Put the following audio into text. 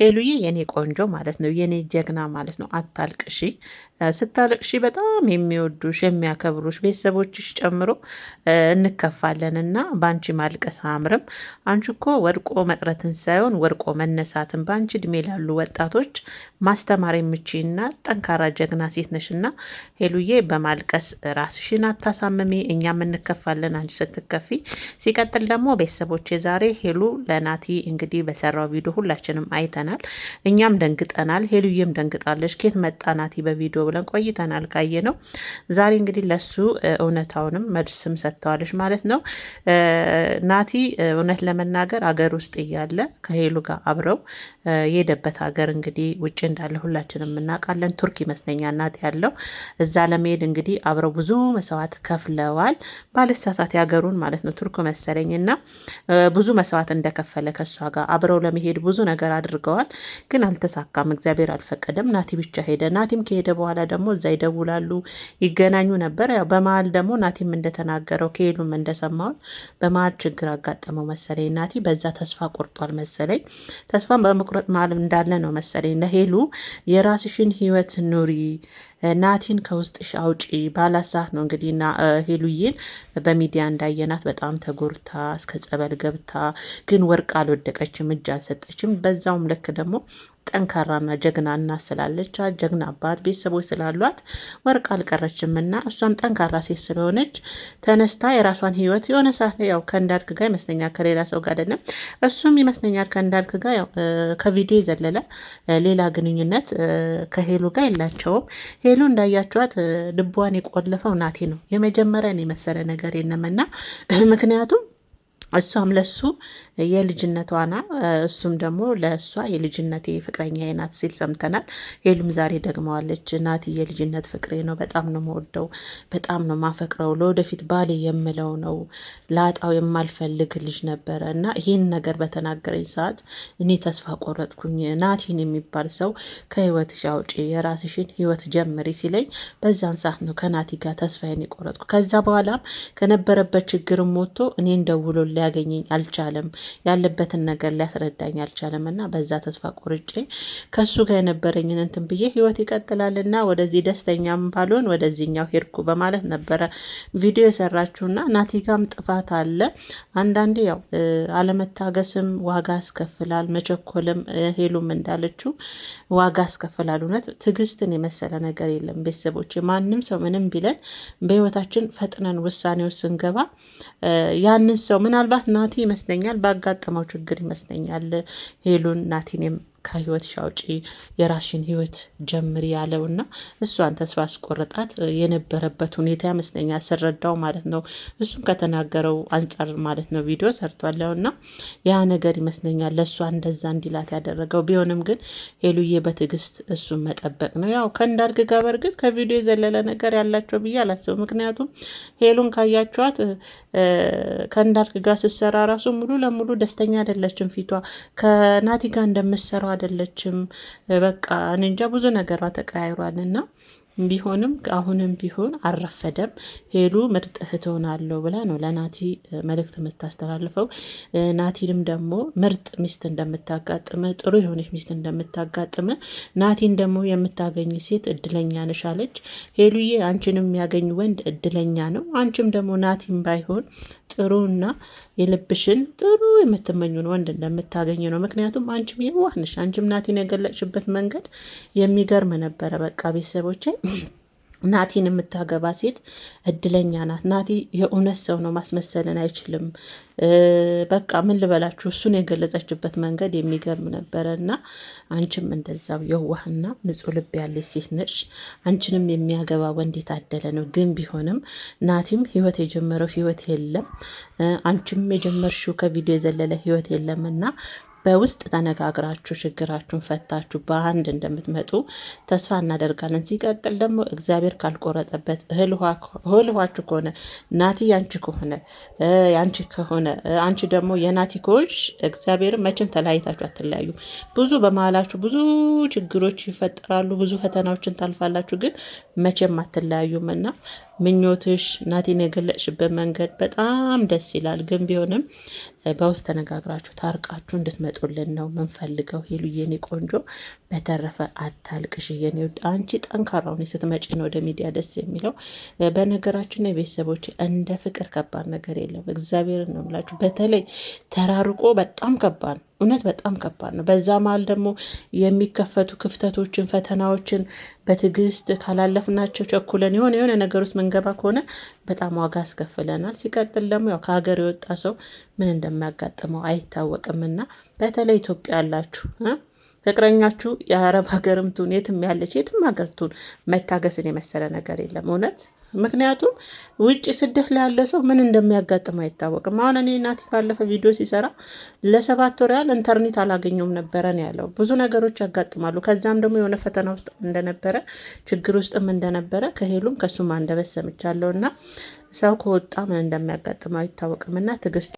ሄሉዬ የኔ ቆንጆ ማለት ነው፣ የኔ ጀግና ማለት ነው። አታልቅሺ። ስታልቅሺ በጣም የሚወዱሽ የሚያከብሩሽ ቤተሰቦችሽ ጨምሮ እንከፋለን እና በአንቺ ማልቀስ አያምርም። አንቺ እኮ ወድቆ መቅረትን ሳይሆን ወድቆ መነሳትን በአንቺ እድሜ ላሉ ወጣቶች ማስተማር የምችይና ጠንካራ ጀግና ሴት ነሽ እና ሄሉዬ በማልቀስ ራስሽን አታሳምሚ። እኛም እንከፋለን አንቺ ስትከፊ። ሲቀጥል ደግሞ ቤተሰቦች ዛሬ ሄሉ ለናቲ እንግዲህ በሰራው ቪዲዮ ሁላችንም አይተን ደንግጠናል። እኛም ደንግጠናል። ሄሉዬም ደንግጣለች። ኬት መጣናት በቪዲዮ ብለን ቆይተናል ካየ ነው። ዛሬ እንግዲህ ለሱ እውነታውንም መልስም ሰጥተዋለች ማለት ነው። ናቲ እውነት ለመናገር አገር ውስጥ እያለ ከሄሉ ጋር አብረው የሄደበት ሀገር እንግዲህ ውጭ እንዳለ ሁላችንም እናውቃለን። ቱርክ ይመስለኛል ናቲ ያለው እዛ ለመሄድ እንግዲህ አብረው ብዙ መስዋዕት ከፍለዋል። ባለሳሳት ያገሩን ማለት ነው ቱርክ መሰለኝ እና ብዙ መስዋዕት እንደከፈለ ከእሷ ጋር አብረው ለመሄድ ብዙ ነገር አድርገው ሞክረዋል፣ ግን አልተሳካም። እግዚአብሔር አልፈቀደም። ናቲ ብቻ ሄደ። ናቲም ከሄደ በኋላ ደግሞ እዛ ይደውላሉ፣ ይገናኙ ነበር። ያው በመሀል ደግሞ ናቲም እንደተናገረው ከሄሉም እንደሰማሁት በመሀል ችግር አጋጠመው መሰለኝ። ናቲ በዛ ተስፋ ቆርጧል መሰለኝ። ተስፋን በመቁረጥ መሀል እንዳለ ነው መሰለኝ ለሄሉ የራስሽን ህይወት ኑሪ ናቲን ከውስጥሽ አውጪ ባላሳት ነው እንግዲህ ና ሄሉዬን በሚዲያ እንዳየናት በጣም ተጎርታ እስከ ጸበል ገብታ ግን ወርቅ አልወደቀችም፣ እጅ አልሰጠችም። በዛውም ለ ልክ ደግሞ ጠንካራና ጀግና እናት ስላለቻ ጀግና አባት ቤተሰቦች ስላሏት ወርቅ አልቀረችም እና እሷም ጠንካራ ሴት ስለሆነች ተነስታ የራሷን ህይወት የሆነ ሰዓት ያው ከእንዳልክ ጋር ይመስለኛል ከሌላ ሰው ጋር አይደለም፣ እሱም ይመስለኛል ከእንዳልክ ጋር ያው ከቪዲዮ የዘለለ ሌላ ግንኙነት ከሄሉ ጋር የላቸውም። ሄሉ እንዳያቸዋት ልቧን የቆለፈው ናቴ ነው። የመጀመሪያን የመሰለ ነገር የለም እና ምክንያቱም እሷም ለሱ የልጅነቷ ና እሱም ደግሞ ለእሷ የልጅነት ፍቅረኛ ናት ሲል ሰምተናል። ሄሉም ዛሬ ደግመዋለች። ናቲ የልጅነት ፍቅሬ ነው፣ በጣም ነው መወደው፣ በጣም ነው ማፈቅረው፣ ለወደፊት ባሌ የምለው ነው፣ ላጣው የማልፈልግ ልጅ ነበረ እና ይህን ነገር በተናገረኝ ሰዓት እኔ ተስፋ ቆረጥኩኝ። ናቲን የሚባል ሰው ከህይወትሽ አውጪ፣ የራስሽን ህይወት ጀምሪ ሲለኝ በዛን ሰዓት ነው ከናቲ ጋር ተስፋዬን የቆረጥኩ። ከዛ በኋላም ከነበረበት ችግርም ወጥቶ እኔን ደውሎልኝ ሊያገኘኝ አልቻለም። ያለበትን ነገር ሊያስረዳኝ አልቻለም እና በዛ ተስፋ ቆርጬ ከሱ ጋር የነበረኝን እንትን ብዬ ህይወት ይቀጥላል እና ወደዚህ ደስተኛም ባልሆን ወደዚህኛው ሄድኩ በማለት ነበረ ቪዲዮ የሰራችሁና ናቲጋም ጥፋት አለ። አንዳንዴ ያው አለመታገስም ዋጋ አስከፍላል፣ መቸኮልም ሄሉም እንዳለችው ዋጋ አስከፍላል። እውነት ትዕግስትን የመሰለ ነገር የለም። ቤተሰቦች ማንም ሰው ምንም ቢለን በህይወታችን ፈጥነን ውሳኔ ስንገባ ያንን ሰው ምናልባት ምናልባት ናቲ ይመስለኛል ባጋጠመው ችግር ይመስለኛል ሄሉን ናቲን ከህይወትሽ አውጪ የራስሽን ህይወት ጀምር ያለው እና እሷን ተስፋ አስቆርጣት የነበረበት ሁኔታ ያመስለኛ ስረዳው ማለት ነው። እሱም ከተናገረው አንጻር ማለት ነው ቪዲዮ ሰርቷለው እና ያ ነገር ይመስለኛል ለእሷ እንደዛ እንዲላት ያደረገው ቢሆንም ግን ሄሉዬ በትዕግስት እሱን መጠበቅ ነው። ያው ከእንዳልክ ጋር በእርግጥ ከቪዲዮ የዘለለ ነገር ያላቸው ብዬ አላስብም። ምክንያቱም ሄሉን ካያችኋት ከእንዳልክ ጋር ስትሰራ ራሱ ሙሉ ለሙሉ ደስተኛ አይደለችም። ፊቷ ከናቲ ጋር እንደምትሰራው አይደለችም። በቃ እኔ እንጃ ብዙ ነገሯ እና ቢሆንም አሁንም ቢሆን አልረፈደም። ሄሉ ምርጥ እህት ሆናለሁ ብላ ነው ለናቲ መልእክት የምታስተላልፈው። ናቲንም ደግሞ ምርጥ ሚስት እንደምታጋጥመ ጥሩ የሆነች ሚስት እንደምታጋጥመ ናቲን ደግሞ የምታገኝ ሴት እድለኛ ነሽ አለች። ሄሉዬ አንቺንም የሚያገኝ ወንድ እድለኛ ነው። አንቺም ደግሞ ናቲን ባይሆን ጥሩና የልብሽን ጥሩ የምትመኙን ወንድ እንደምታገኝ ነው። ምክንያቱም አንቺም የዋህ ነሽ። አንቺም ናቲን የገለጭበት መንገድ የሚገርም ነበረ። በቃ ቤተሰቦች ናቲን የምታገባ ሴት እድለኛ ናት። ናቲ የእውነት ሰው ነው፣ ማስመሰልን አይችልም። በቃ ምን ልበላችሁ፣ እሱን የገለጸችበት መንገድ የሚገርም ነበረ እና አንቺም እንደዛው የዋህና ንጹሕ ልብ ያለች ሴት ነች። አንቺንም የሚያገባ ወንድ የታደለ ነው። ግን ቢሆንም ናቲም ህይወት የጀመረው ህይወት የለም፣ አንቺም የጀመርሽው ከቪዲዮ የዘለለ ህይወት የለም እና በውስጥ ተነጋግራችሁ ችግራችሁን ፈታችሁ በአንድ እንደምትመጡ ተስፋ እናደርጋለን። ሲቀጥል ደግሞ እግዚአብሔር ካልቆረጠበት እህል ከሆነ ናቲ ያንቺ ከሆነ ያንቺ ከሆነ አንቺ ደግሞ የናቲ ከሆንሽ እግዚአብሔር መቼም ተለያይታችሁ አትለያዩ። ብዙ በመሀላችሁ ብዙ ችግሮች ይፈጠራሉ፣ ብዙ ፈተናዎችን ታልፋላችሁ፣ ግን መቼም አትለያዩም እና ምኞትሽ ናቲን የገለጽሽበት መንገድ በጣም ደስ ይላል። ግን ቢሆንም በውስጥ ተነጋግራችሁ ታርቃችሁ እንድትመ እንድታመጡልን ነው ምንፈልገው። ሄሉ የኔ ቆንጆ፣ በተረፈ አታልቅሽ የኔ ውድ። አንቺ ጠንካራውን ስትመጪ ነው ወደ ሚዲያ ደስ የሚለው። በነገራችን ነው ቤተሰቦች፣ እንደ ፍቅር ከባድ ነገር የለም። እግዚአብሔር ነው የምላችሁ። በተለይ ተራርቆ በጣም ከባድ ነው። እውነት በጣም ከባድ ነው። በዛ መሀል ደግሞ የሚከፈቱ ክፍተቶችን፣ ፈተናዎችን በትዕግስት ካላለፍናቸው ቸኩለን የሆነ የሆነ ነገር ውስጥ ምንገባ ከሆነ በጣም ዋጋ አስከፍለናል። ሲቀጥል ደግሞ ያው ከሀገር የወጣ ሰው ምን እንደሚያጋጥመው አይታወቅምና በተለይ ኢትዮጵያ አላችሁ ። ፍቅረኛችሁ የአረብ ሀገርም ትሁን የትም ያለች የትም ሀገር ትሁን መታገስን የመሰለ ነገር የለም እውነት። ምክንያቱም ውጭ ስደት ላይ ያለ ሰው ምን እንደሚያጋጥም አይታወቅም። አሁን እኔ እናቴ ባለፈ ቪዲዮ ሲሰራ ለሰባት ወር ያህል ኢንተርኔት አላገኘውም ነበረ ነው ያለው። ብዙ ነገሮች ያጋጥማሉ። ከዛም ደግሞ የሆነ ፈተና ውስጥ እንደነበረ ችግር ውስጥም እንደነበረ ከሄሉም ከሱም አንደበት ሰምቻለሁ እና ሰው ከወጣ ምን እንደሚያጋጥመው አይታወቅም እና ትግስት